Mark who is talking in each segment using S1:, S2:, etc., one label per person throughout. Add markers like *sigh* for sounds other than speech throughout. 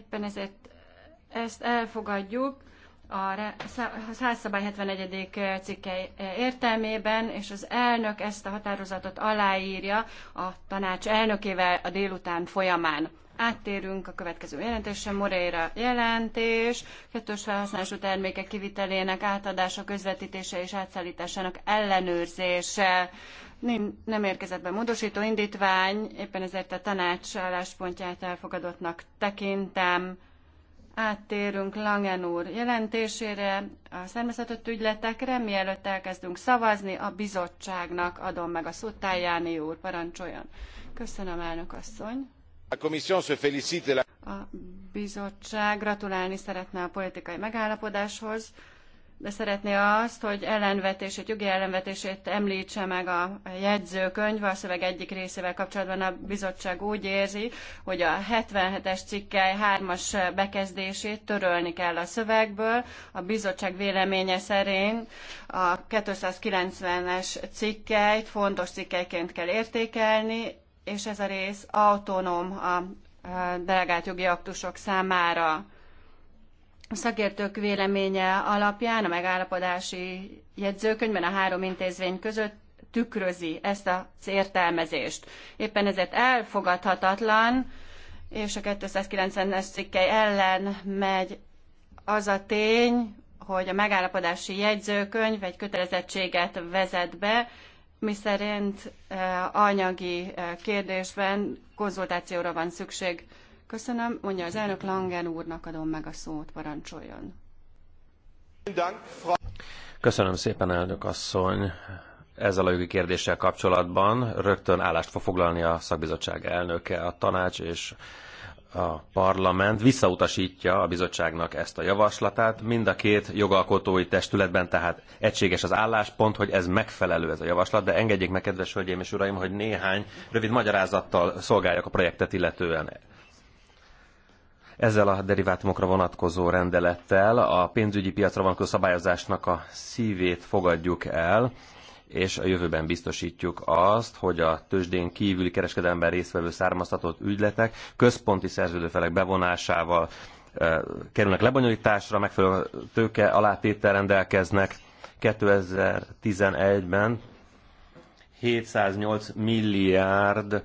S1: Éppen ezért ezt elfogadjuk a házszabály 71. cikke értelmében, és az elnök ezt a határozatot aláírja a tanács elnökével a délután folyamán. Áttérünk a következő jelentésre, Moreira jelentés, kettős felhasználású termékek kivitelének átadása, közvetítése és átszállításának ellenőrzése nem, nem érkezett be módosító indítvány, éppen ezért a tanács álláspontját elfogadottnak tekintem. Áttérünk Langen úr jelentésére, a származtatott ügyletekre, mielőtt elkezdünk szavazni, a bizottságnak adom meg a szót, Tájáni úr, parancsoljon. Köszönöm, elnök asszony. A bizottság gratulálni szeretne a politikai megállapodáshoz, de szeretné azt, hogy ellenvetését, jogi ellenvetését említse meg a jegyzőkönyv, a szöveg egyik részével kapcsolatban a bizottság úgy érzi, hogy a 77-es cikkely 3-as bekezdését törölni kell a szövegből. A bizottság véleménye szerint a 290-es cikkelyt fontos cikkelyként kell értékelni, és ez a rész autonóm a delegált jogi aktusok számára. A szakértők véleménye alapján a megállapodási jegyzőkönyvben a három intézmény között tükrözi ezt az értelmezést. Éppen ezért elfogadhatatlan, és a 290-es cikkely ellen megy az a tény, hogy a megállapodási jegyzőkönyv egy kötelezettséget vezet be, miszerint eh, anyagi eh, kérdésben konzultációra van szükség Köszönöm, mondja az elnök Langen úrnak adom meg a szót, parancsoljon.
S2: Köszönöm szépen, elnök asszony. Ezzel a jogi kérdéssel kapcsolatban rögtön állást fog foglalni a szakbizottság elnöke, a tanács és a parlament visszautasítja a bizottságnak ezt a javaslatát. Mind a két jogalkotói testületben tehát egységes az álláspont, hogy ez megfelelő ez a javaslat, de engedjék meg, kedves hölgyeim és uraim, hogy néhány rövid magyarázattal szolgáljak a projektet illetően. Ezzel a derivátumokra vonatkozó rendelettel a pénzügyi piacra vonatkozó szabályozásnak a szívét fogadjuk el, és a jövőben biztosítjuk azt, hogy a tőzsdén kívüli kereskedelemben résztvevő származtatott ügyletek központi szerződőfelek bevonásával e, kerülnek lebonyolításra, megfelelő tőke alátétel rendelkeznek. 2011-ben 708 milliárd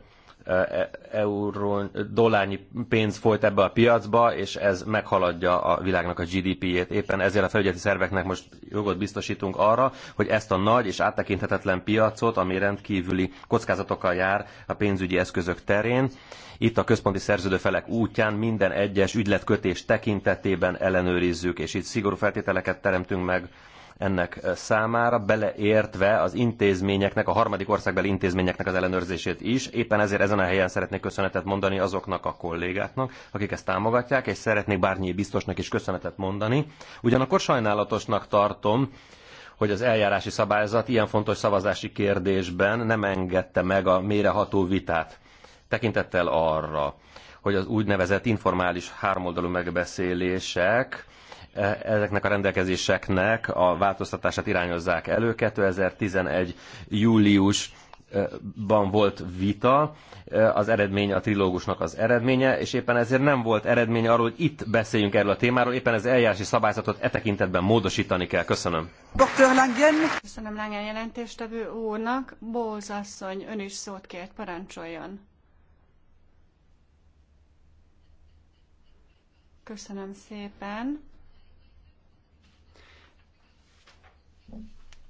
S2: E, e, euró, dollárnyi pénz folyt ebbe a piacba, és ez meghaladja a világnak a GDP-jét. Éppen ezért a felügyeleti szerveknek most jogot biztosítunk arra, hogy ezt a nagy és áttekinthetetlen piacot, ami rendkívüli kockázatokkal jár a pénzügyi eszközök terén, itt a központi szerződőfelek útján minden egyes ügyletkötés tekintetében ellenőrizzük, és itt szigorú feltételeket teremtünk meg ennek eh, számára, beleértve az intézményeknek, a harmadik országbeli intézményeknek az ellenőrzését is. Éppen ezért ezen a helyen szeretnék köszönetet mondani azoknak a kollégáknak, akik ezt támogatják, és szeretnék bárnyi biztosnak is köszönetet mondani. Ugyanakkor sajnálatosnak tartom, hogy az eljárási szabályzat ilyen fontos szavazási kérdésben nem engedte meg a méreható vitát. Tekintettel arra, hogy az úgynevezett informális hármoldalú megbeszélések ezeknek a rendelkezéseknek a változtatását irányozzák elő. 2011. július ban volt vita, az eredmény a trilógusnak az eredménye, és éppen ezért nem volt eredmény arról, hogy itt beszéljünk erről a témáról, éppen az eljárási szabályzatot e tekintetben módosítani kell. Köszönöm.
S1: Dr. Langen. Köszönöm Langen jelentéstevő úrnak. Bóz asszony, ön is szót kért, parancsoljon. Köszönöm szépen.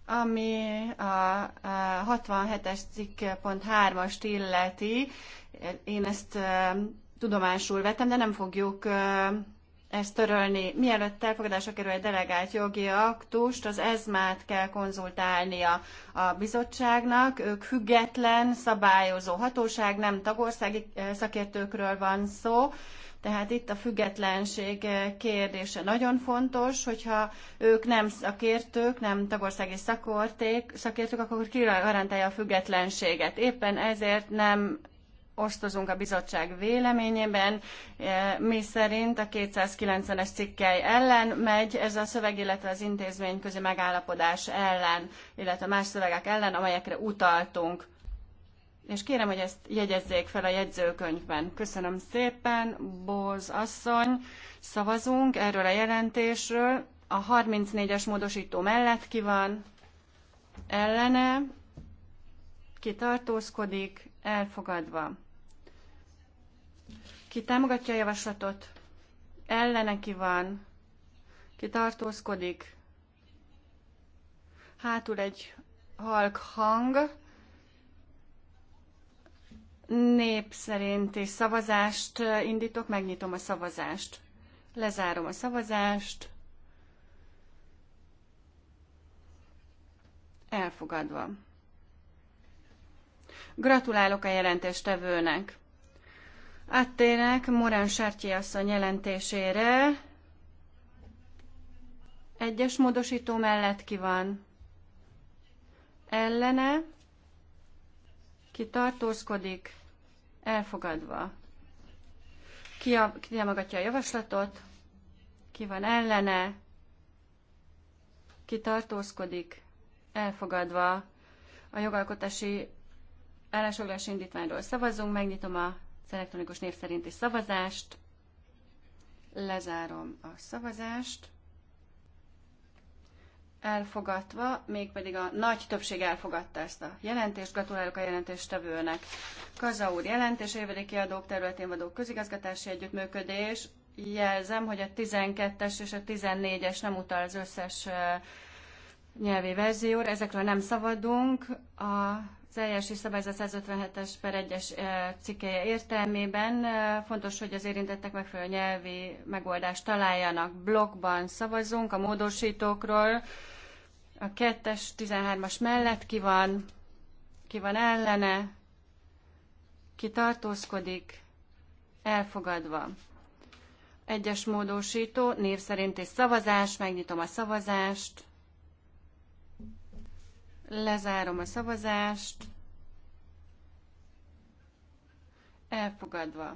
S1: ami a 67-es cikk pont 3-ast illeti, én ezt tudomásul vettem, de nem fogjuk ezt törölni. Mielőtt elfogadásra kerül egy delegált jogi aktust, az ezmát kell konzultálnia a bizottságnak. Ők független, szabályozó hatóság, nem tagországi szakértőkről van szó tehát itt a függetlenség eh, kérdése nagyon fontos, hogyha ők nem szakértők, nem tagországi szakorték, szakértők, akkor ki garantálja a függetlenséget. Éppen ezért nem osztozunk a bizottság véleményében, eh, mi szerint a 290-es cikkely ellen megy ez a szöveg, illetve az közi megállapodás ellen, illetve más szövegek ellen, amelyekre utaltunk. És kérem, hogy ezt jegyezzék fel a jegyzőkönyvben. Köszönöm szépen, Bóz asszony. Szavazunk erről a jelentésről. A 34-es módosító mellett ki van, ellene, ki tartózkodik, elfogadva. Ki támogatja a javaslatot, ellene ki van, ki tartózkodik, hátul egy halk hang, Nép szerinti szavazást indítok, megnyitom a szavazást. Lezárom a szavazást. Elfogadva. Gratulálok a jelentéstevőnek. Áttérek Morán Sártyi asszony jelentésére. Egyes módosító mellett ki van? Ellene? ki tartózkodik, elfogadva. Ki, a, ki támogatja a javaslatot, ki van ellene, ki tartózkodik, elfogadva. A jogalkotási állásfoglalási indítványról szavazunk, megnyitom az elektronikus név szerinti szavazást, lezárom a szavazást elfogadva, mégpedig a nagy többség elfogadta ezt a jelentést. Gratulálok a jelentéstevőnek. Kaza úr jelentés, évedi kiadók területén vadó közigazgatási együttműködés. Jelzem, hogy a 12-es és a 14-es nem utal az összes nyelvi verzióra. Ezekről nem szabadunk. A az eljárási szabályzat 157-es per 1-es cikkeje értelmében fontos, hogy az érintettek megfelelő nyelvi megoldást találjanak. Blokkban szavazunk a módosítókról, a 2-es, 13-as mellett ki van, ki van ellene, ki tartózkodik, elfogadva. Egyes módosító, név szerint és szavazás, megnyitom a szavazást, lezárom a szavazást, elfogadva.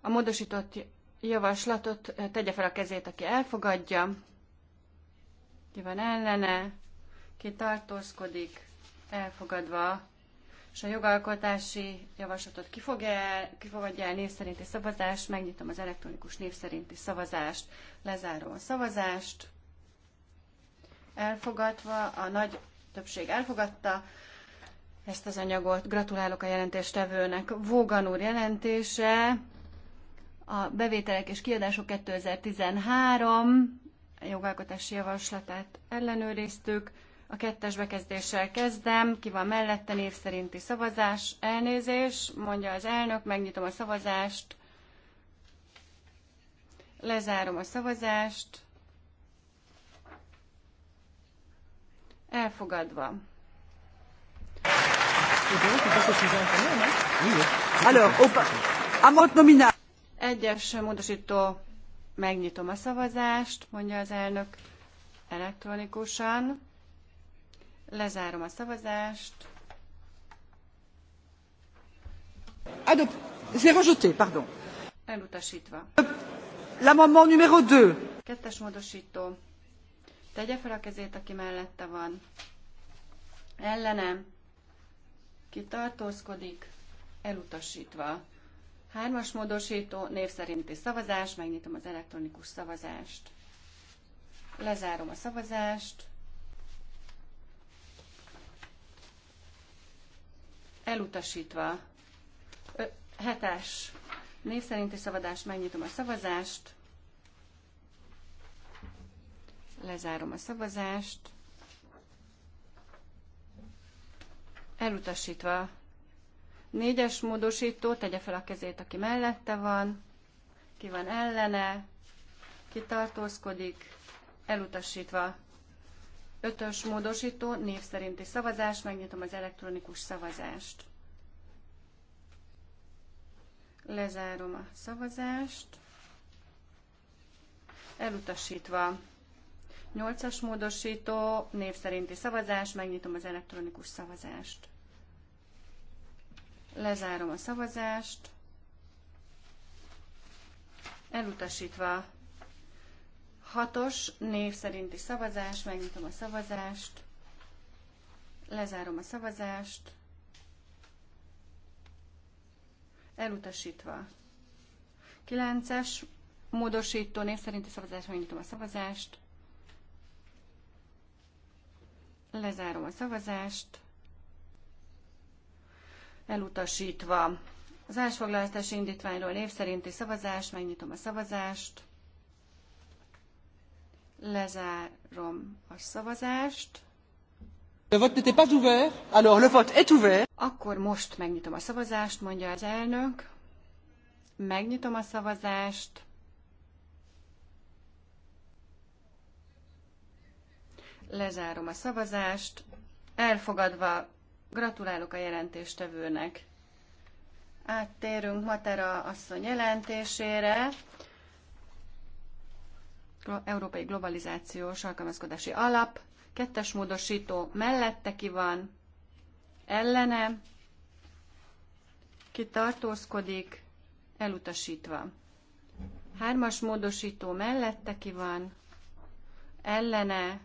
S1: A módosított javaslatot eh, tegye fel a kezét, aki elfogadja. Ki van ellene, ki tartózkodik, elfogadva. És a jogalkotási javaslatot ki, fog el, ki fogadja el név szerinti szavazást, megnyitom az elektronikus név szerinti szavazást, lezárom a szavazást. Elfogadva, a nagy többség elfogadta ezt az anyagot. Gratulálok a jelentéstevőnek. Vógan úr jelentése a bevételek és kiadások 2013 jogalkotási javaslatát ellenőriztük. A kettes bekezdéssel kezdem. Ki van mellette? Név szerinti szavazás. Elnézés, mondja az elnök. Megnyitom a szavazást. Lezárom a szavazást. Elfogadva. Alors, au, à mode nominal. Egyes módosító, megnyitom a szavazást, mondja az elnök elektronikusan. Lezárom a szavazást. Adop. Ah, C'est rejeté, pardon. Elutasítva. L'amendement numéro 2. Kettes módosító. Tegye fel a kezét, aki mellette van. Ellenem. Ki Elutasítva. Hármas módosító, név szerinti szavazás, megnyitom az elektronikus szavazást. Lezárom a szavazást. Elutasítva. Ö, hetes név szerinti szavazás, megnyitom a szavazást. Lezárom a szavazást. Elutasítva Négyes módosító, tegye fel a kezét, aki mellette van, ki van ellene, ki tartózkodik, elutasítva. Ötös módosító, név szerinti szavazás, megnyitom az elektronikus szavazást. Lezárom a szavazást. Elutasítva. Nyolcas módosító, név szerinti szavazás, megnyitom az elektronikus szavazást. Lezárom a szavazást. Elutasítva hatos név szerinti szavazás, megnyitom a szavazást. Lezárom a szavazást. Elutasítva. 9-es módosító név szerinti szavazás, megnyitom a szavazást. Lezárom a szavazást elutasítva. Az állásfoglalási indítványról név szerinti szavazás, megnyitom a szavazást, lezárom a szavazást.
S3: Le vote n'était pas ouvert,
S1: alors le vote est ouvert. Akkor most megnyitom a szavazást, mondja az elnök. Megnyitom a szavazást. Lezárom a szavazást. Elfogadva Gratulálok a jelentéstevőnek. Áttérünk Matera asszony jelentésére. Európai Globalizációs Alkalmazkodási Alap. Kettes módosító mellette ki van, ellene, ki tartózkodik, elutasítva. Hármas módosító mellette ki van, ellene,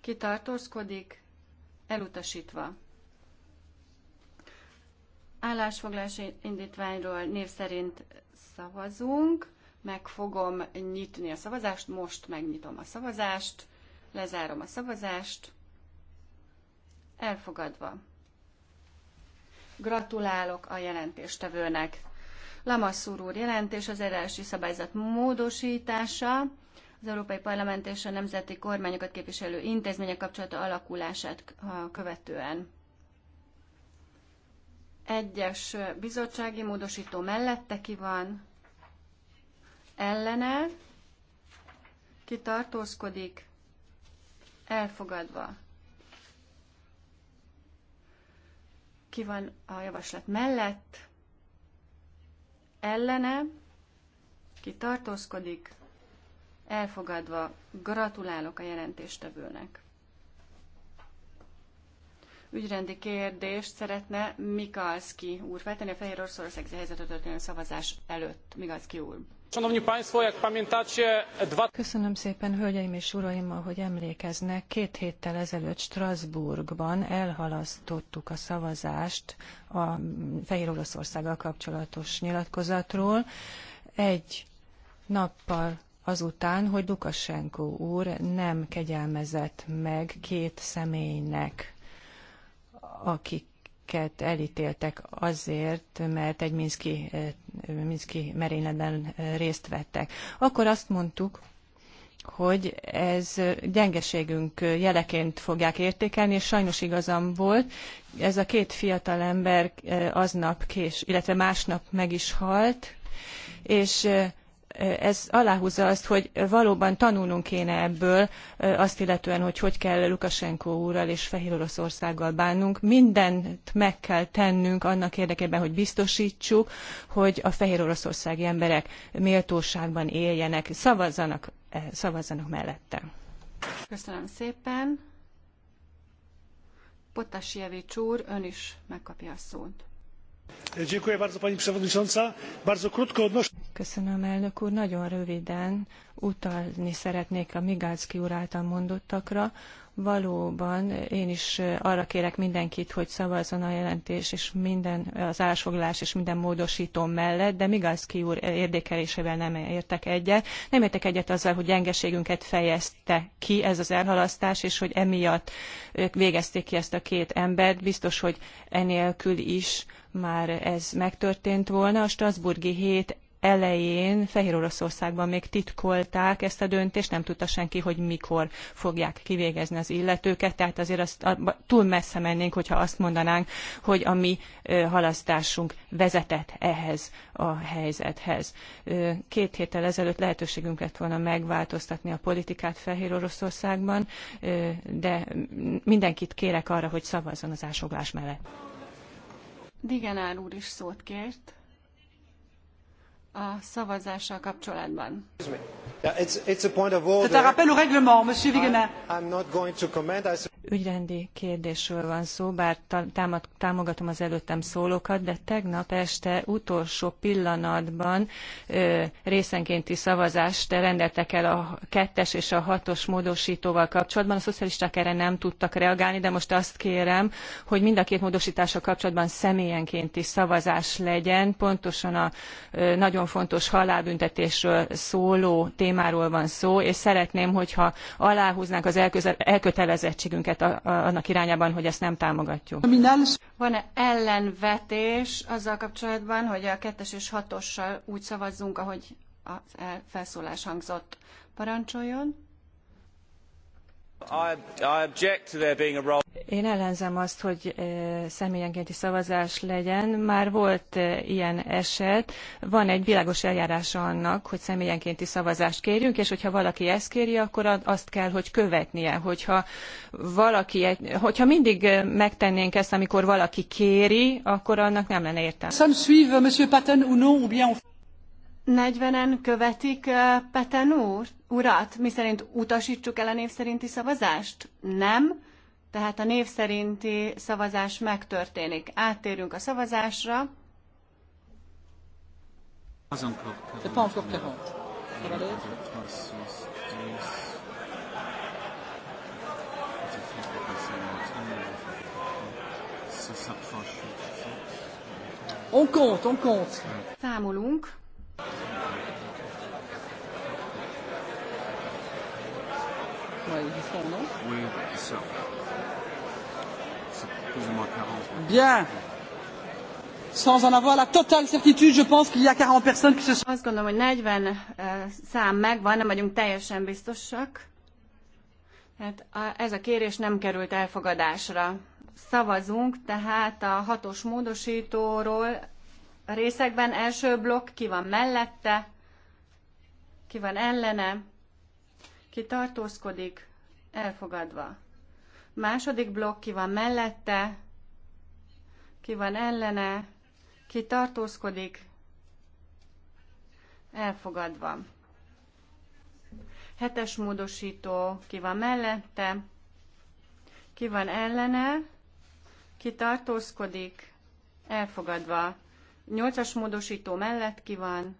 S1: ki tartózkodik, elutasítva. Állásfoglalási indítványról név szerint szavazunk, meg fogom nyitni a szavazást, most megnyitom a szavazást, lezárom a szavazást, elfogadva. Gratulálok a jelentéstevőnek. Lamasszúr úr jelentés az eredási szabályzat módosítása az Európai Parlament és a nemzeti kormányokat képviselő intézmények kapcsolata alakulását követően. Egyes bizottsági módosító mellette ki van, ellene, ki tartózkodik, elfogadva. Ki van a javaslat mellett, ellene, ki tartózkodik, elfogadva. Gratulálok a jelentéstevőnek. Ügyrendi kérdést szeretne Mikalski úr feltenni a Fehér Oroszország helyzetet történő szavazás előtt. Mikalski úr.
S3: Köszönöm szépen, hölgyeim és uraim, ahogy emlékeznek, két héttel ezelőtt Strasbourgban elhalasztottuk a szavazást a Fehér Oroszországgal kapcsolatos nyilatkozatról. Egy nappal azután, hogy Lukasenko úr nem kegyelmezett meg két személynek, akiket elítéltek azért, mert egy Minszki, eh, Minszki merényletben részt vettek. Akkor azt mondtuk, hogy ez gyengeségünk jeleként fogják értékelni, és sajnos igazam volt. Ez a két fiatal ember eh, aznap kés, illetve másnap meg is halt, és eh, ez aláhúzza azt, hogy valóban tanulnunk kéne ebből azt illetően, hogy hogy kell Lukasenko úrral és Fehéroroszországgal bánnunk. Mindent meg kell tennünk annak érdekében, hogy biztosítsuk, hogy a fehéroroszországi emberek méltóságban éljenek, szavazzanak, eh, szavazzanak mellette.
S1: Köszönöm szépen. Potasjevics úr, ön is megkapja a szót.
S2: Dziękuję bardzo pani przewodnicząca. Bardzo
S3: krótko odnoszę Köszönöm, elnök úr. Nagyon röviden utalni szeretnék a Migácki úr által mondottakra. Valóban én is arra kérek mindenkit, hogy szavazzon a jelentés és minden, az ásfoglalás és minden módosító mellett, de Migácki úr érdekelésével nem értek egyet. Nem értek egyet azzal, hogy gyengeségünket fejezte ki ez az elhalasztás, és hogy emiatt ők végezték ki ezt a két embert. Biztos, hogy enélkül is már ez megtörtént volna. A Strasburgi hét elején Fehér Oroszországban még titkolták ezt a döntést, nem tudta senki, hogy mikor fogják kivégezni az illetőket, tehát azért azt, túl messze mennénk, hogyha azt mondanánk, hogy a mi halasztásunk vezetett ehhez a helyzethez. két héttel ezelőtt lehetőségünk lett volna megváltoztatni a politikát Fehér Oroszországban, de mindenkit kérek arra, hogy szavazzon az ásoglás mellett.
S1: Digenár úr is szót kért a szavazással kapcsolatban.
S2: Tehát a rappel Wigener.
S3: Ügyrendi kérdésről van szó, bár támogatom az előttem szólókat, de tegnap este utolsó pillanatban ö, részenkénti szavazást rendeltek el a kettes és a hatos módosítóval kapcsolatban. A szocialisták erre nem tudtak reagálni, de most azt kérem, hogy mind a két módosítással kapcsolatban személyenkénti szavazás legyen, pontosan a ö, nagyon nagyon fontos halálbüntetésről szóló témáról van szó, és szeretném, hogyha aláhúznánk az elkötelezettségünket annak irányában, hogy ezt nem támogatjuk.
S1: Van-e ellenvetés azzal kapcsolatban, hogy a kettes és hatossal úgy szavazzunk, ahogy a
S3: felszólás hangzott? Parancsoljon! Én ellenzem azt, hogy személyenkénti szavazás legyen. Már volt ilyen eset. Van egy világos eljárása annak, hogy személyenkénti szavazást kérjünk, és hogyha valaki ezt kéri, akkor azt kell, hogy követnie. Hogyha, valaki hogyha mindig megtennénk ezt, amikor valaki kéri, akkor annak nem lenne értelme.
S1: 40-en követik Peten úr, urat, miszerint utasítsuk el a név szerinti szavazást? Nem. Tehát a név szerinti szavazás megtörténik. Áttérünk a szavazásra. On compte, on compte. Számolunk. Bien. Sans en avoir la totale certitude, je pense qu'il y a 40 personnes qui se sont... Azt gondolom, hogy 40 uh, eh, szám megvan, nem vagyunk teljesen biztosak. Hát a, ez a kérés nem került elfogadásra. Szavazunk tehát a hatos módosítóról részekben. Első blokk, ki van mellette, ki van ellene, ki tartózkodik, elfogadva. Második blokk, ki van mellette, ki van ellene, ki tartózkodik, elfogadva. Hetes módosító, ki van mellette, ki van ellene, ki tartózkodik, elfogadva. Nyolcas módosító mellett ki van,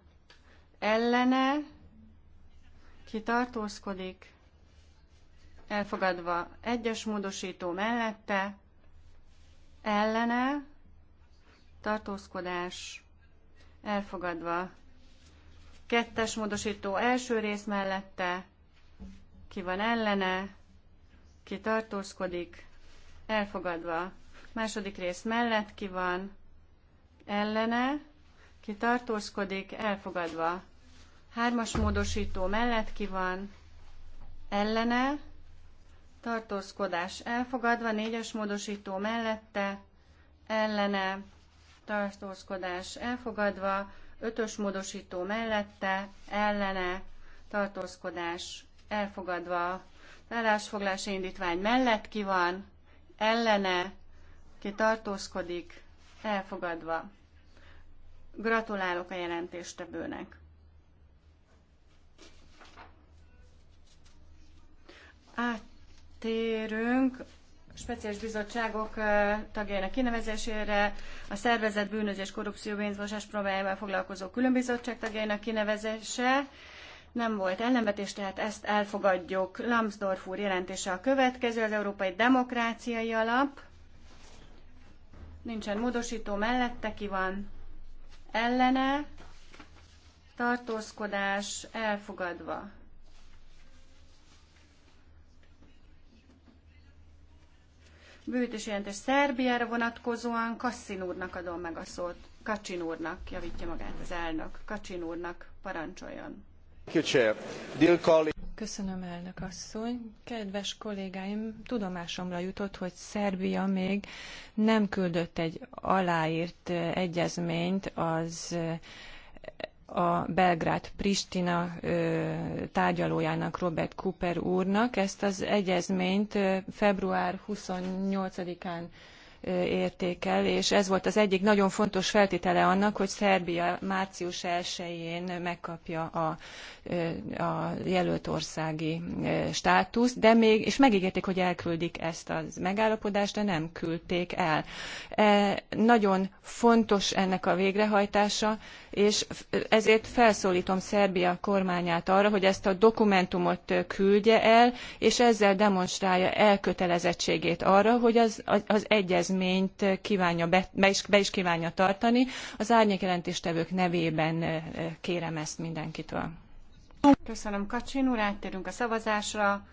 S1: ellene, kitartózkodik. elfogadva egyes módosító mellette, ellene, tartózkodás, elfogadva kettes módosító első rész mellette, ki van ellene, ki tartózkodik, elfogadva. Második rész mellett ki van, ellene, ki tartózkodik, elfogadva. Hármas módosító mellett ki van, ellene, tartózkodás elfogadva, négyes módosító mellette, ellene, tartózkodás elfogadva, ötös módosító mellette, ellene, tartózkodás elfogadva, állásfoglási indítvány mellett ki van, ellene, ki tartózkodik, Elfogadva. Gratulálok a jelentéstevőnek. Áttérünk speciális bizottságok eh, tagjainak kinevezésére, a szervezet bűnözés, korrupció, pénzmosás problémával foglalkozó különbizottság tagjainak kinevezése. Nem volt ellenvetés, tehát ezt elfogadjuk. Lambsdorff úr jelentése a következő, az Európai Demokráciai Alap nincsen módosító mellette, ki van ellene, tartózkodás elfogadva. Bűtös jelentés Szerbiára vonatkozóan Kassin úrnak adom meg a szót. Kacsin úrnak, javítja magát az elnök. Kacsin úrnak parancsoljon.
S3: Köszönöm, elnök asszony. Kedves kollégáim, tudomásomra jutott, hogy Szerbia még nem küldött egy aláírt egyezményt az a Belgrád-Pristina tárgyalójának, Robert Cooper úrnak. Ezt az egyezményt február 28-án értékel, és ez volt az egyik nagyon fontos feltétele annak, hogy Szerbia március 1-én megkapja a, a jelölt országi státuszt, de még, és megígérték, hogy elküldik ezt a megállapodást, de nem küldték el. E, nagyon fontos ennek a végrehajtása, és ezért felszólítom Szerbia kormányát arra, hogy ezt a dokumentumot küldje el, és ezzel demonstrálja elkötelezettségét arra, hogy az, az, az egyezmény egyezményt kívánja be, be, is, be is kívánja tartani. Az árnyékjelentéstevők nevében kérem ezt mindenkitől.
S1: Köszönöm Kacsin úr, áttérünk a szavazásra.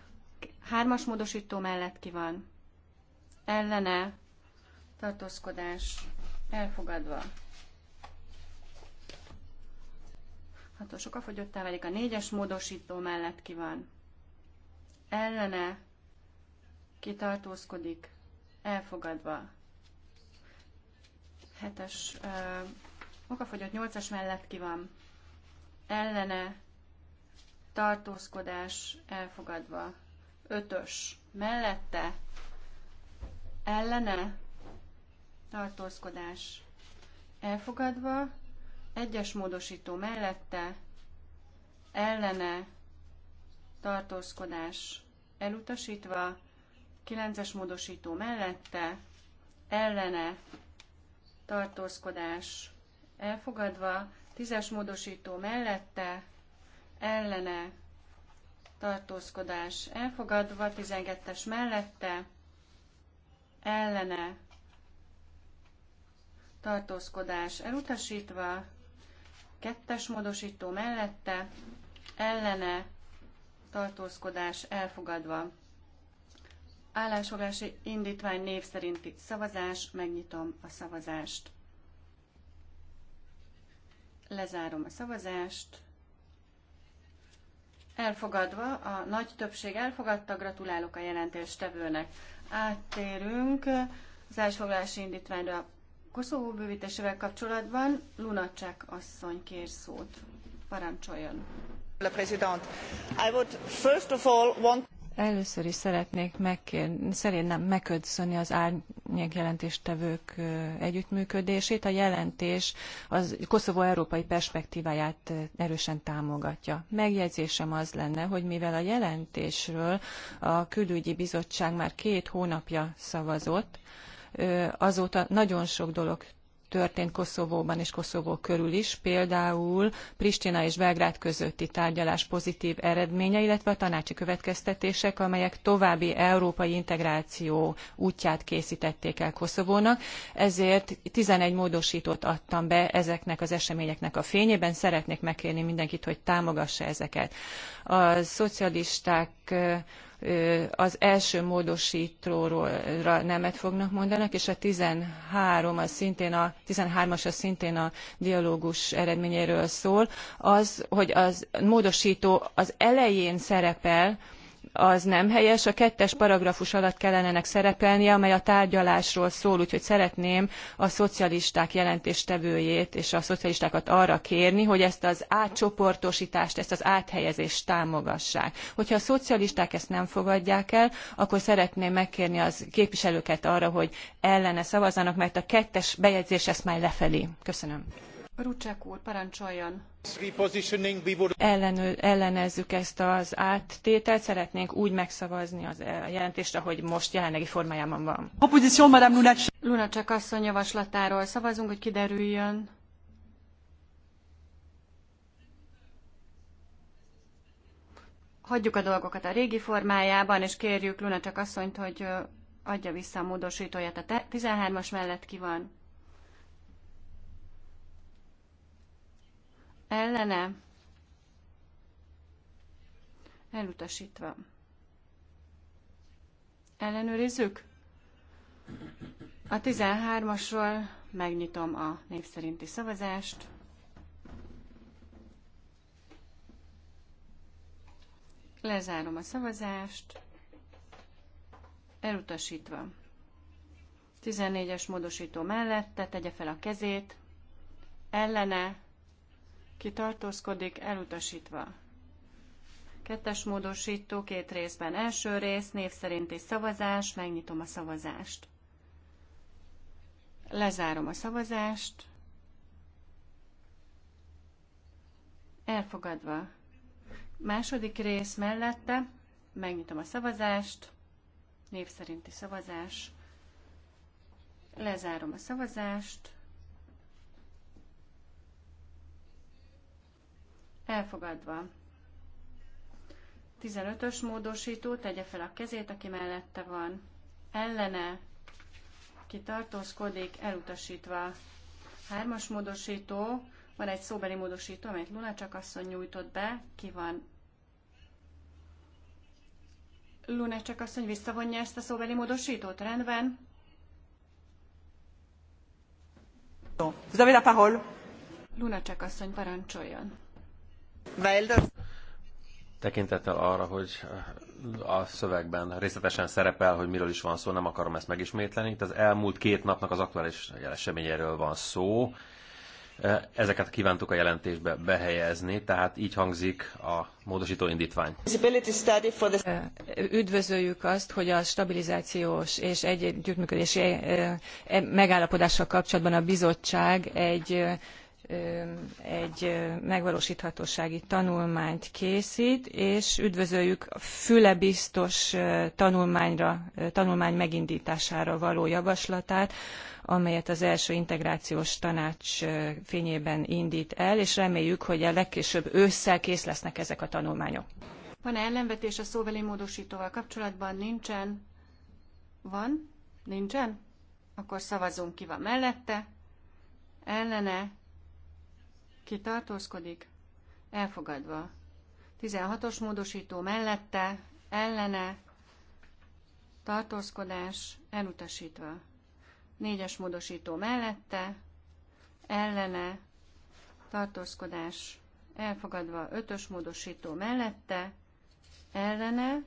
S1: Hármas módosító mellett ki van? Ellene tartózkodás elfogadva. Hatosok a fogyottá válik a négyes módosító mellett ki van? Ellene kitartózkodik elfogadva. 7-es okafogyott 8-as mellett ki van, ellene tartózkodás elfogadva. 5-ös mellette ellene tartózkodás elfogadva, egyes módosító mellette ellene tartózkodás elutasítva, 9-es módosító mellette, ellene, tartózkodás elfogadva, 10-es módosító mellette, ellene, tartózkodás elfogadva, 12-es mellette, ellene, tartózkodás elutasítva, 2-es módosító mellette, ellene, tartózkodás elfogadva. Állásfoglási indítvány név szerinti szavazás, megnyitom a szavazást. Lezárom a szavazást. Elfogadva, a nagy többség elfogadta, gratulálok a jelentéstevőnek. Áttérünk az állásfoglalási indítványra a Koszovó bővítésével kapcsolatban. Lunacsek asszony kér szót. Parancsoljon.
S3: President, I would first of all want... Először is szeretnék szerintem megköszönni az árnyék jelentéstevők együttműködését. A jelentés az Koszovó európai perspektíváját erősen támogatja. Megjegyzésem az lenne, hogy mivel a jelentésről a külügyi bizottság már két hónapja szavazott, azóta nagyon sok dolog történt Koszovóban és Koszovó körül is, például Pristina és Belgrád közötti tárgyalás pozitív eredménye, illetve a tanácsi következtetések, amelyek további európai integráció útját készítették el Koszovónak. Ezért 11 módosítót adtam be ezeknek az eseményeknek a fényében. Szeretnék megkérni mindenkit, hogy támogassa ezeket. A szocialisták az első módosítóra nemet fognak mondanak, és a 13 az szintén a 13-as a szintén a dialógus eredményéről szól, az, hogy az módosító az elején szerepel, az nem helyes. A kettes paragrafus alatt kellene ennek szerepelnie, amely a tárgyalásról szól, úgyhogy szeretném a szocialisták jelentéstevőjét és a szocialistákat arra kérni, hogy ezt az átcsoportosítást, ezt az áthelyezést támogassák. Hogyha a szocialisták ezt nem fogadják el, akkor szeretném megkérni az képviselőket arra, hogy ellene szavazzanak, mert a kettes bejegyzés ezt már lefelé. Köszönöm.
S1: Rucsek úr, parancsoljon!
S3: Ellenő, ellenezzük ezt az áttételt, szeretnénk úgy megszavazni az jelentést, ahogy most jelenlegi formájában van. Lunacek asszony javaslatáról szavazunk, hogy
S1: kiderüljön. Hagyjuk a dolgokat a régi formájában, és kérjük Lunacek asszonyt, hogy adja vissza a módosítóját. A 13-as mellett ki van? ellene elutasítva. Ellenőrizzük? A 13-asról megnyitom a név szerinti szavazást. Lezárom a szavazást. Elutasítva. 14-es módosító mellette tegye fel a kezét. Ellene ki tartózkodik, elutasítva. Kettes módosító két részben. Első rész, név szerinti szavazás, megnyitom a szavazást. Lezárom a szavazást. Elfogadva. Második rész mellette megnyitom a szavazást. Név szerinti szavazás. Lezárom a szavazást. Elfogadva. 15-ös módosító, tegye fel a kezét, aki mellette van. Ellene, aki tartózkodik, elutasítva. Hármas módosító, van egy szóbeli módosító, amelyet Luna csak asszony nyújtott be, ki van. Luna csak asszony visszavonja ezt a szóbeli módosítót, rendben. Luna csak asszony parancsoljon.
S2: Tekintettel arra, hogy a szövegben részletesen szerepel, hogy miről is van szó, nem akarom ezt megismételni. Itt az elmúlt két napnak az aktuális eseményéről van szó. Ezeket kívántuk a jelentésbe behelyezni, tehát így hangzik a módosító indítvány.
S3: Üdvözöljük azt, hogy a stabilizációs és együttműködési e, megállapodással kapcsolatban a bizottság egy egy megvalósíthatósági tanulmányt készít, és üdvözöljük a füle tanulmányra, tanulmány megindítására való javaslatát, amelyet az első integrációs tanács fényében indít el, és reméljük, hogy a legkésőbb ősszel kész lesznek ezek a tanulmányok.
S1: Van-e ellenvetés a szóbeli módosítóval kapcsolatban? Nincsen. Van? Nincsen? Akkor szavazunk ki van mellette, ellene, ki tartózkodik? Elfogadva. 16-os módosító mellette, ellene, tartózkodás, elutasítva. 4-es módosító mellette, ellene, tartózkodás, elfogadva. 5-ös módosító mellette, ellene,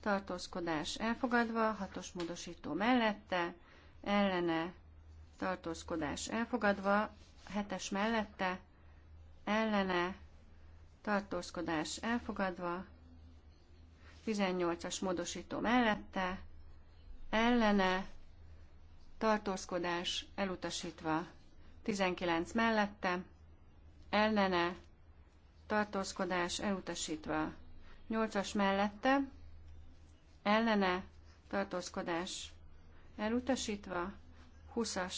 S1: tartózkodás, elfogadva. 6-os módosító mellette, ellene, tartózkodás, elfogadva. 7-es mellette, ellene, tartózkodás elfogadva, 18-as módosító mellette, ellene, tartózkodás elutasítva, 19 mellette, ellene, tartózkodás elutasítva, 8-as mellette, ellene, tartózkodás elutasítva, 20-as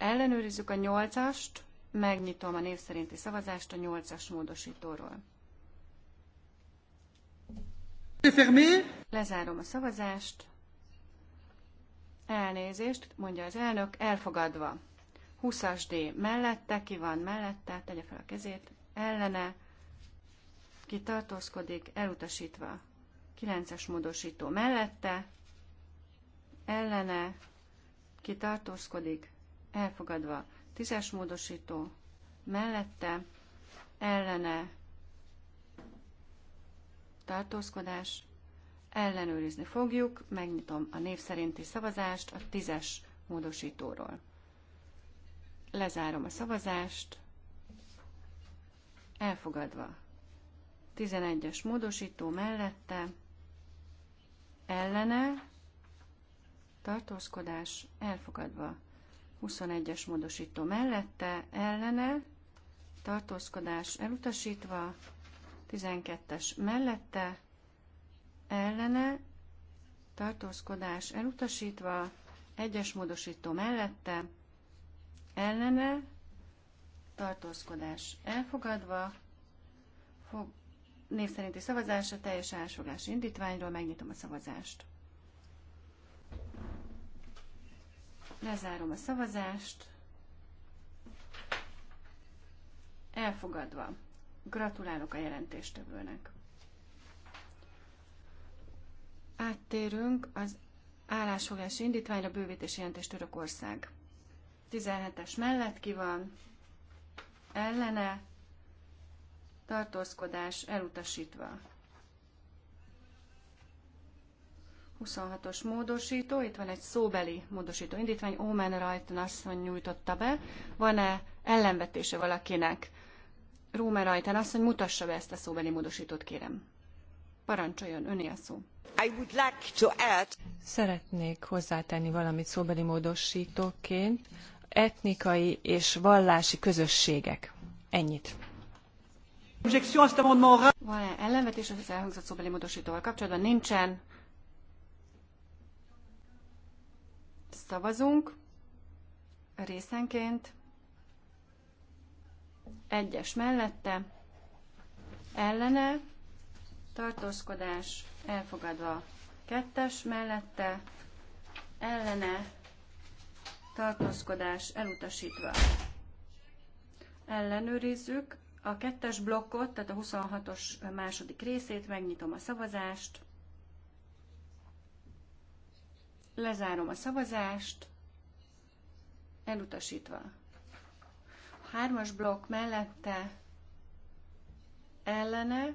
S1: Ellenőrizzük a nyolcast, megnyitom a név szerinti szavazást a nyolcas módosítóról. Lezárom a szavazást. Elnézést, mondja az elnök, elfogadva. 20-as D mellette, ki van mellette, tegye fel a kezét, ellene, ki tartózkodik, elutasítva. 9-es módosító mellette, ellene, ki tartózkodik, elfogadva. Tízes módosító mellette ellene tartózkodás ellenőrizni fogjuk. Megnyitom a név szerinti szavazást a tízes módosítóról. Lezárom a szavazást. Elfogadva. 11-es módosító mellette ellene tartózkodás elfogadva. 21-es módosító mellette, ellene, tartózkodás elutasítva, 12-es mellette, ellene, tartózkodás elutasítva, 1-es módosító mellette, ellene, tartózkodás elfogadva, fog, név szerinti szavazásra, teljes állásfogás indítványról megnyitom a szavazást. Lezárom a szavazást. Elfogadva. Gratulálok a jelentéstevőnek. Áttérünk az állásfoglási indítványra bővítés jelentés Törökország. 17-es mellett ki van, ellene, tartózkodás elutasítva. 26-os módosító, itt van egy szóbeli módosító indítvány, Omen Rajton asszony nyújtotta be. Van-e ellenvetése valakinek? Rómer Rajten asszony, mutassa be ezt a szóbeli módosítót, kérem. Parancsoljon, öné a szó.
S3: I would like to add... Szeretnék hozzátenni valamit szóbeli módosítóként. Etnikai és vallási közösségek. Ennyit.
S1: Van-e ellenvetés az elhangzott szóbeli módosítóval kapcsolatban? Nincsen Szavazunk részenként. Egyes mellette. Ellene. Tartózkodás elfogadva. Kettes mellette. Ellene. Tartózkodás elutasítva. Ellenőrizzük a kettes blokkot, tehát a 26-os második részét, megnyitom a szavazást. Lezárom a szavazást, elutasítva. A hármas blokk mellette ellene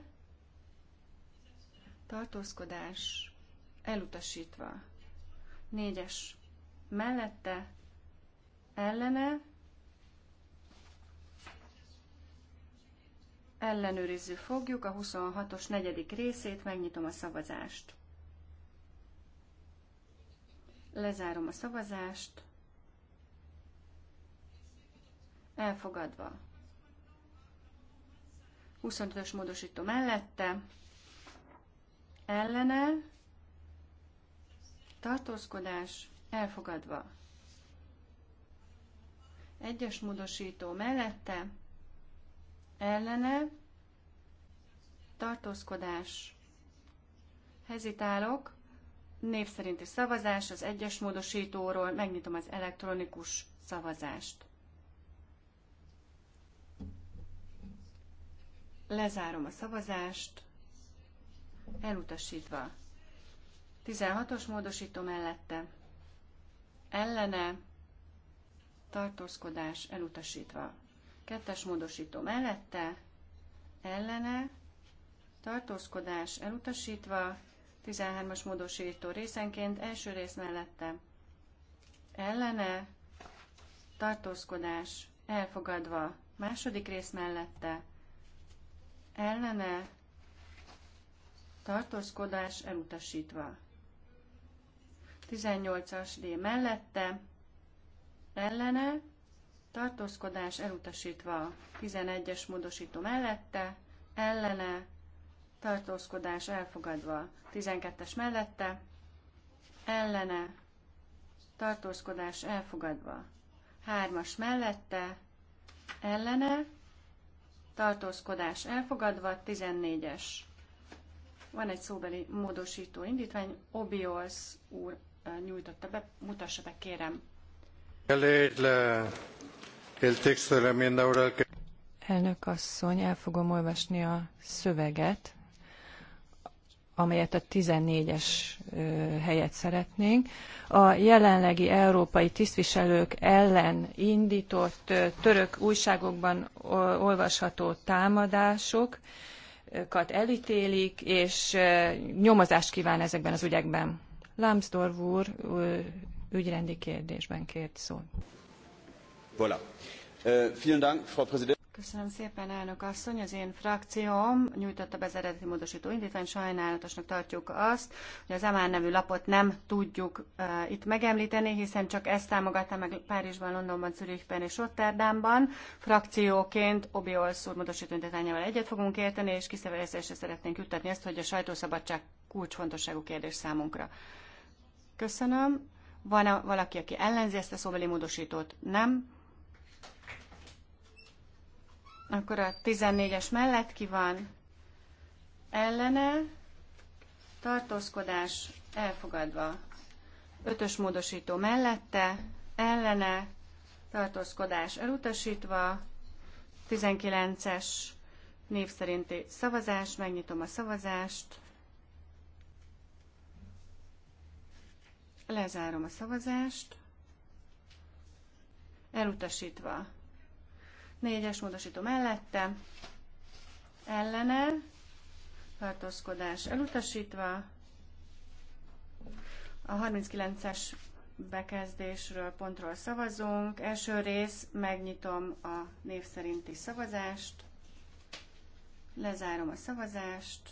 S1: tartózkodás elutasítva. Négyes mellette ellene ellenőrizzük fogjuk a 26-os negyedik részét, megnyitom a szavazást. Lezárom a szavazást. Elfogadva. 25-ös módosító mellette. Ellene. Tartózkodás. Elfogadva. Egyes módosító mellette. Ellene. Tartózkodás. Hezitálok. Név szerinti szavazás az egyes módosítóról. Megnyitom az elektronikus szavazást. Lezárom a szavazást. Elutasítva. 16-os módosító mellette. Ellene. Tartózkodás elutasítva. Kettes módosító mellette. Ellene. Tartózkodás elutasítva. 13-as módosító részenként első rész mellette ellene, tartózkodás elfogadva, második rész mellette ellene, tartózkodás elutasítva. 18-as D mellette ellene, tartózkodás elutasítva, 11-es módosító mellette ellene, tartózkodás elfogadva, 12-es mellette, ellene, tartózkodás elfogadva. 3-as mellette, ellene, tartózkodás elfogadva, 14-es. Van egy szóbeli módosító indítvány, Obiolsz úr nyújtotta be, mutassa be, kérem.
S3: Elnök asszony, el fogom olvasni a szöveget, amelyet a 14-es helyet szeretnénk. A jelenlegi európai tisztviselők ellen indított török újságokban olvasható támadásokat elítélik, és nyomozást kíván ezekben az ügyekben. Lambsdorff úr ügyrendi kérdésben kért szót.
S2: Voilà. Uh, vielen Dank, Frau
S3: Köszönöm
S1: szépen, elnök asszony. Az én frakcióm nyújtotta be az eredeti módosító indítványt. Sajnálatosnak tartjuk azt, hogy az Amán nevű lapot nem tudjuk uh, itt megemlíteni, hiszen csak ezt támogatta meg Párizsban, Londonban, Zürichben és Rotterdamban. Frakcióként Obi Olszúr módosító indítványával egyet fogunk érteni, és kiszervezésre szeretnénk juttatni ezt, hogy a sajtószabadság kulcsfontosságú kérdés számunkra. Köszönöm. Van -e valaki, aki ellenzi ezt a szóbeli módosítót? Nem akkor a 14-es mellett ki van ellene, tartózkodás elfogadva. Ötös módosító mellette, ellene, tartózkodás elutasítva. 19-es név szerinti szavazás, megnyitom a szavazást. Lezárom a szavazást. Elutasítva. Négyes módosító mellette, ellene, tartózkodás elutasítva. A 39-es bekezdésről pontról szavazunk. Első rész, megnyitom a név szerinti szavazást, lezárom a szavazást,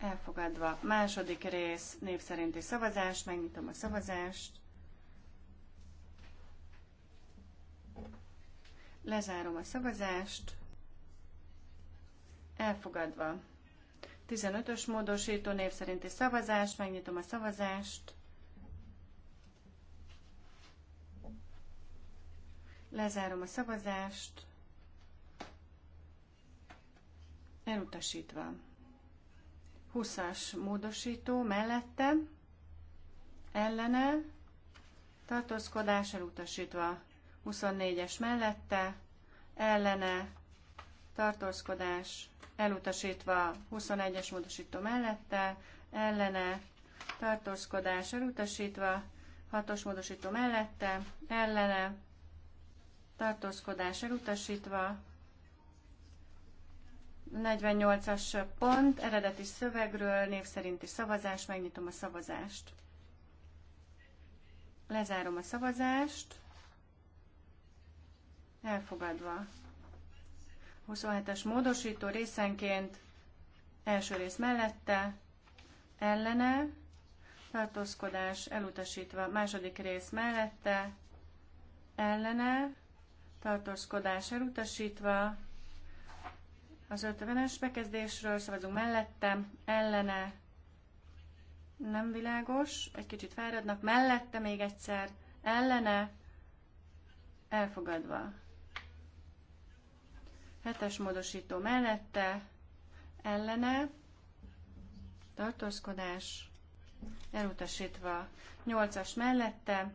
S1: elfogadva. Második rész, név szerinti megnyitom a szavazást, Lezárom a szavazást. Elfogadva. 15-ös módosító név szerinti szavazás. Megnyitom a szavazást. Lezárom a szavazást. Elutasítva. 20-as módosító mellette, ellene, tartózkodás elutasítva. 24-es mellette, ellene, tartózkodás, elutasítva 21-es módosító mellette, ellene, tartózkodás, elutasítva 6-os módosító mellette, ellene, tartózkodás, elutasítva 48-as pont, eredeti szövegről, név szerinti szavazás, megnyitom a szavazást. Lezárom a szavazást. Elfogadva. 27-es módosító részenként első rész mellette, ellene, tartózkodás elutasítva, második rész mellette, ellene, tartózkodás elutasítva, az 50-es bekezdésről szavazunk mellette, ellene, nem világos, egy kicsit fáradnak, mellette még egyszer, ellene, elfogadva. Hetes módosító mellette, ellene, tartózkodás, elutasítva. Nyolcas mellette,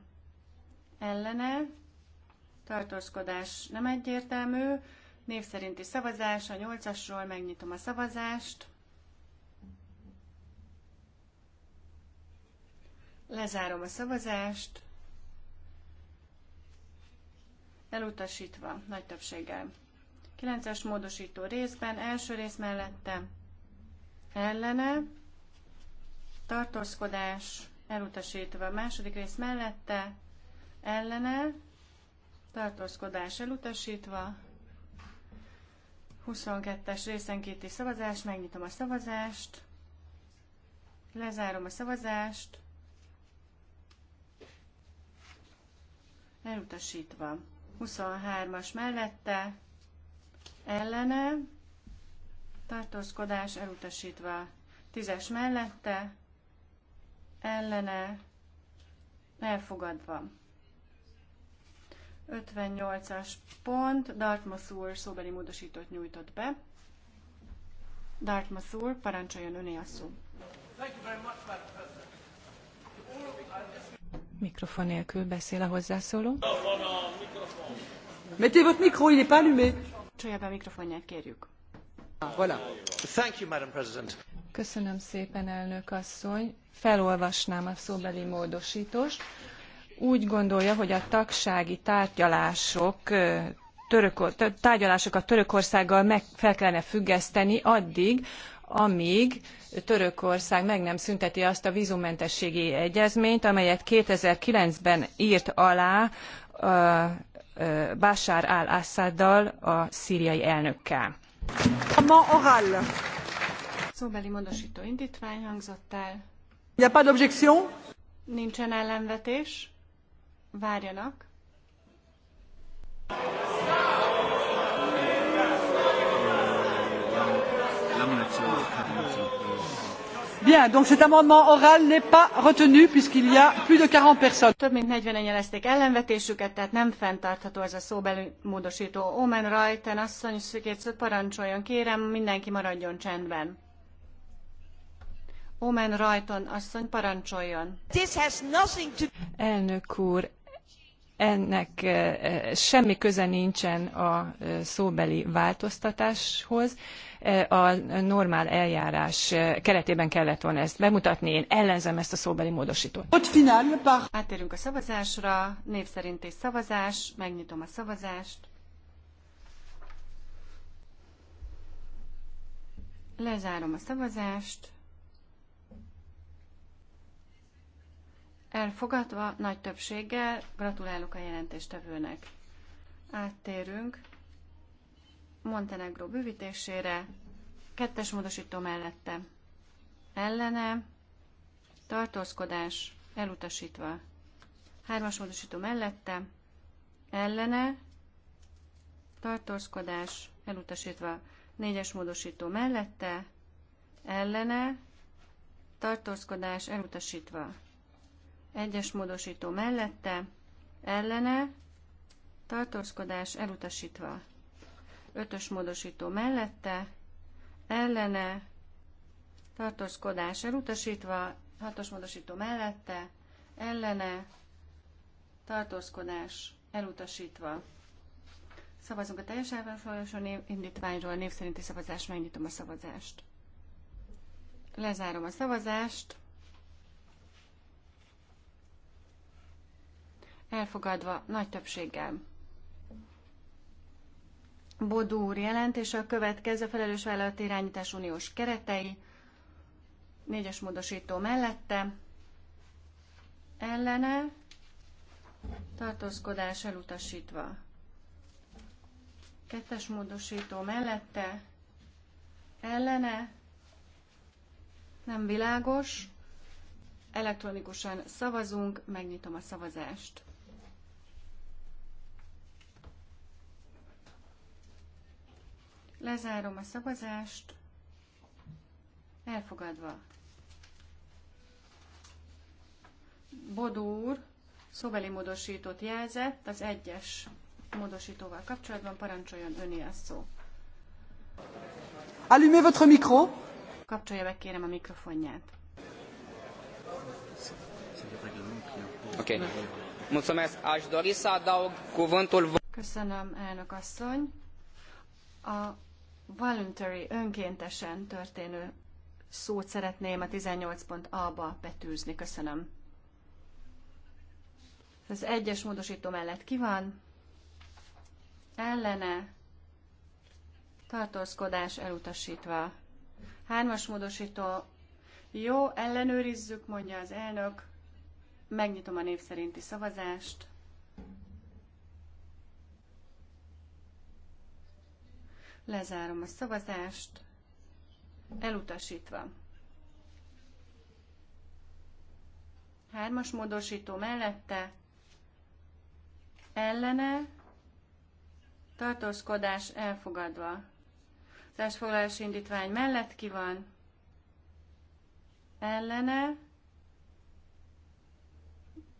S1: ellene, tartózkodás nem egyértelmű, név szerinti szavazás, a nyolcasról megnyitom a szavazást. Lezárom a szavazást. Elutasítva, nagy többséggel. 9-es módosító részben, első rész mellette ellene, tartózkodás elutasítva, második rész mellette ellene, tartózkodás elutasítva, 22-es részen kéti szavazás, megnyitom a szavazást, lezárom a szavazást, elutasítva. 23-as mellette, ellene, tartózkodás elutasítva. Tízes mellette, ellene, elfogadva. 58-as pont, Dartmouth úr szóbeli módosítót nyújtott be. Dartmouth úr, parancsoljon öné a szó.
S3: Mikrofon nélkül beszél a hozzászóló. Mettez votre micro, il n'est pas allumé. Kapcsolja be a mikrofonját, kérjük.
S2: Voilà. Thank you, Madam President.
S3: Köszönöm szépen, elnök asszony. Felolvasnám a szóbeli módosítóst. Úgy gondolja, hogy a tagsági tárgyalások török, tárgyalásokat Törökországgal meg fel kellene függeszteni addig, amíg Törökország meg nem szünteti azt a vízummentességi egyezményt, amelyet 2009-ben írt alá Bashar al-Assaddal, a szíriai elnökkel. Comment oral.
S1: Szóbeli módosító indítvány hangzott el. Y Nincsen ellenvetés. Várjanak. La cet amendement oral n'est pas retenu puisqu'il y a plus de personnes. Több mint negyvenen jelezték ellenvetésüket, tehát nem fenntartható ez a szóbeli Omen Rajten asszony parancsoljon, kérem, mindenki maradjon csendben. Omen Rajton asszony parancsoljon. This has nothing to...
S3: Elnök úr, ennek eh, eh, semmi köze nincsen a eh, szóbeli változtatáshoz. A normál eljárás keretében kellett volna ezt bemutatni. Én ellenzem ezt a szóbeli módosítót.
S1: Átérünk a szavazásra. Név szerinti szavazás. Megnyitom a szavazást. Lezárom a szavazást. Elfogadva nagy többséggel gratulálok a jelentéstevőnek. Áttérünk Montenegro bővítésére, kettes módosító mellette. Ellene, tartózkodás, elutasítva. Hármas módosító mellette, ellene, tartózkodás, elutasítva. Négyes módosító mellette, ellene, tartózkodás, elutasítva. Egyes módosító mellette, ellene, tartózkodás elutasítva. Ötös módosító mellette, ellene, tartózkodás elutasítva. Hatos módosító mellette, ellene, tartózkodás elutasítva. Szavazunk a teljes elfogadásról név, indítványról, név szerinti szavazás, megnyitom a szavazást. Lezárom a szavazást. elfogadva nagy többséggel. úr jelentése a következő felelős vállalati irányítás uniós keretei, négyes módosító mellette, ellene, tartózkodás elutasítva. Kettes módosító mellette, ellene, nem világos, elektronikusan szavazunk, megnyitom a szavazást. Lezárom a szavazást. Elfogadva. Bodúr, szóbeli módosított jelzett, az egyes módosítóval kapcsolatban parancsoljon öné a szó. Allumez votre micro. Kapcsolja be kérem a mikrofonját. Oké. Okay. Mulțumesc. Aș dori să adaug cuvântul... Köszönöm, elnök asszony. A voluntary, önkéntesen történő szót szeretném a 18a pont ba betűzni. Köszönöm. Az egyes módosító mellett ki van? Ellene. Tartózkodás elutasítva. Hármas módosító. Jó, ellenőrizzük, mondja az elnök. Megnyitom a név szerinti szavazást. Lezárom a szavazást. Elutasítva. Hármas módosító mellette ellene tartózkodás elfogadva. Az elsfoglalási indítvány mellett ki van ellene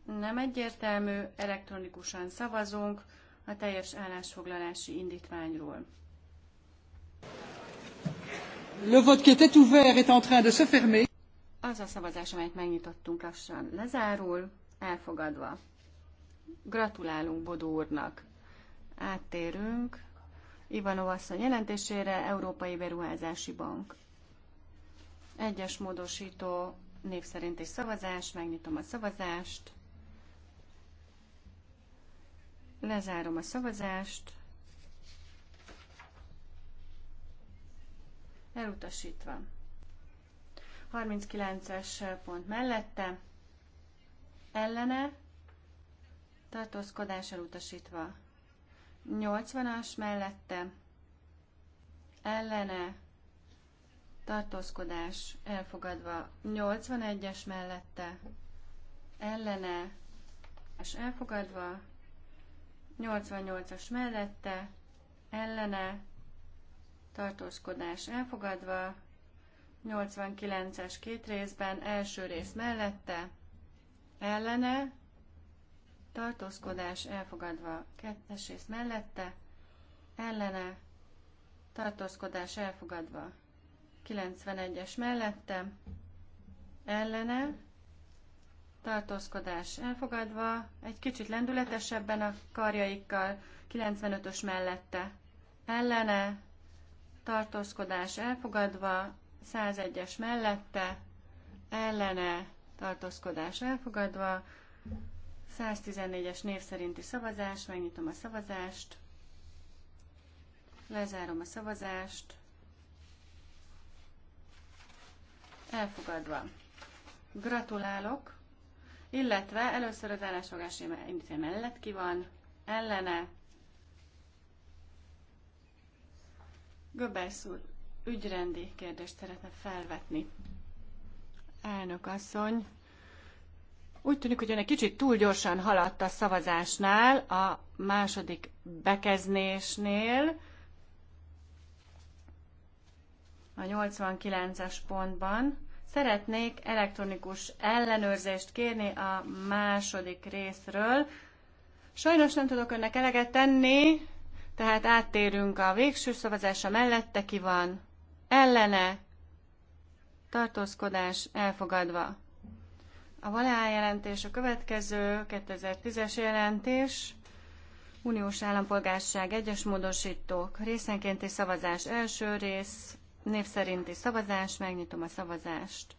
S1: nem egyértelmű, elektronikusan szavazunk a teljes állásfoglalási indítványról.
S3: Le vote qui était ouvert est en train de se fermer.
S1: Az a szavazás, amelyet megnyitottunk, lassan lezárul, elfogadva. Gratulálunk Bodó úrnak. Áttérünk Ivanov asszony jelentésére, Európai Beruházási Bank. Egyes módosító név szerint egy szavazás, megnyitom a szavazást. Lezárom a szavazást. elutasítva. 39-es pont mellette, ellene, tartózkodás elutasítva. 80-as mellette, ellene, tartózkodás elfogadva. 81-es mellette, ellene, és elfogadva. 88-as mellette, ellene, tartózkodás elfogadva, 89-es két részben, első rész mellette, ellene, tartózkodás elfogadva, kettes rész mellette, ellene, tartózkodás elfogadva, 91-es mellette, ellene, tartózkodás elfogadva, egy kicsit lendületesebben a karjaikkal, 95-ös mellette, ellene, tartózkodás elfogadva, 101-es mellette, ellene, tartózkodás elfogadva, 114-es név szerinti szavazás, megnyitom a szavazást, lezárom a szavazást, elfogadva. Gratulálok, illetve először az állásfogás mellett ki van, ellene, Göbbelsz úr ügyrendi kérdést szeretne felvetni. Elnök asszony, úgy tűnik, hogy ön egy kicsit túl gyorsan haladt a szavazásnál, a második bekezdésnél, a 89-es pontban. Szeretnék elektronikus ellenőrzést kérni a második részről. Sajnos nem tudok önnek eleget tenni, tehát áttérünk a végső szavazása mellette ki van, ellene, tartózkodás elfogadva. A Valea jelentés a következő 2010-es jelentés. Uniós állampolgárság egyes módosítók, részenkénti szavazás első rész, név szerinti szavazás, megnyitom a szavazást.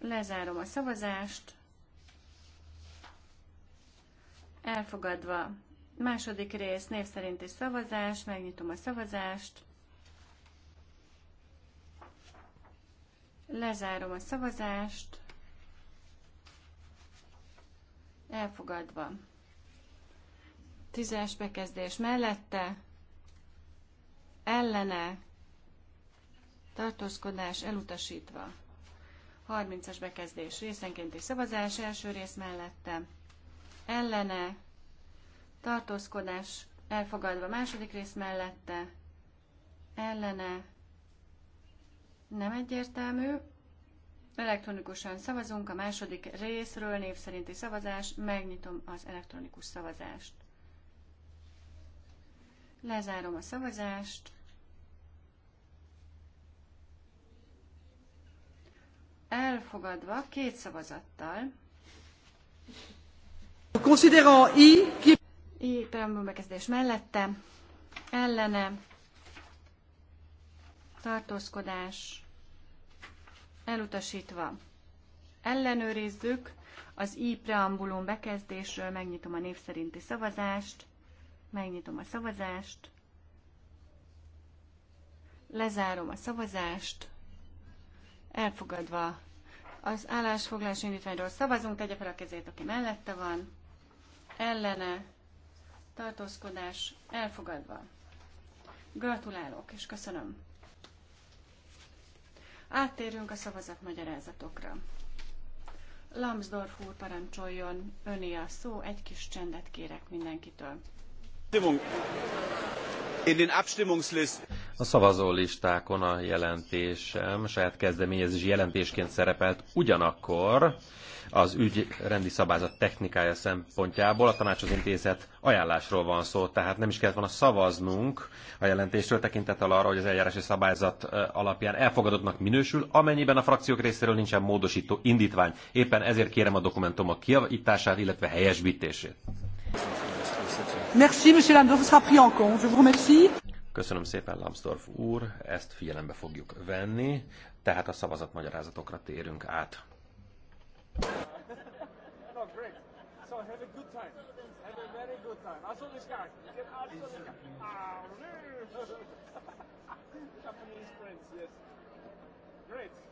S1: Lezárom a szavazást elfogadva. Második rész név szerinti szavazás, megnyitom a szavazást. Lezárom a szavazást. Elfogadva. Tízes bekezdés mellette, ellene, tartózkodás elutasítva. 30-as bekezdés részenkénti szavazás első rész mellette, ellene, tartózkodás elfogadva második rész mellette, ellene, nem egyértelmű, elektronikusan szavazunk a második részről, név szerinti szavazás, megnyitom az elektronikus szavazást. Lezárom a szavazást. Elfogadva két szavazattal.
S3: Considerant I,
S1: I preambulum bekezdés mellette, ellene, tartózkodás, elutasítva. Ellenőrizzük az I preambulum bekezdésről, megnyitom a név szerinti szavazást, megnyitom a szavazást, lezárom a szavazást, elfogadva az állásfoglalás indítványról szavazunk, tegye fel a kezét, aki mellette van ellene, tartózkodás elfogadva. Gratulálok és köszönöm. Áttérünk a magyarázatokra. Lambsdorff úr parancsoljon, öné a szó, egy kis csendet kérek mindenkitől.
S2: In den Abstimmungslisten. A szavazólistákon a jelentésem, saját kezdeményezés jelentésként szerepelt, ugyanakkor az ügy rendi szabályzat technikája szempontjából a tanácshoz intézet ajánlásról van szó, tehát nem is kellett volna szavaznunk a jelentésről tekintettel arra, hogy az eljárási szabályzat alapján elfogadottnak minősül, amennyiben a frakciók részéről nincsen módosító indítvány. Éppen ezért kérem a dokumentumok kiavítását, illetve helyesbítését. Merci,
S3: monsieur Lambert, vous sera pris en compte. Je vous remercie.
S2: Köszönöm szépen, Lambsdorff úr, ezt figyelembe fogjuk venni, tehát a szavazatmagyarázatokra térünk át.
S3: Great. *laughs*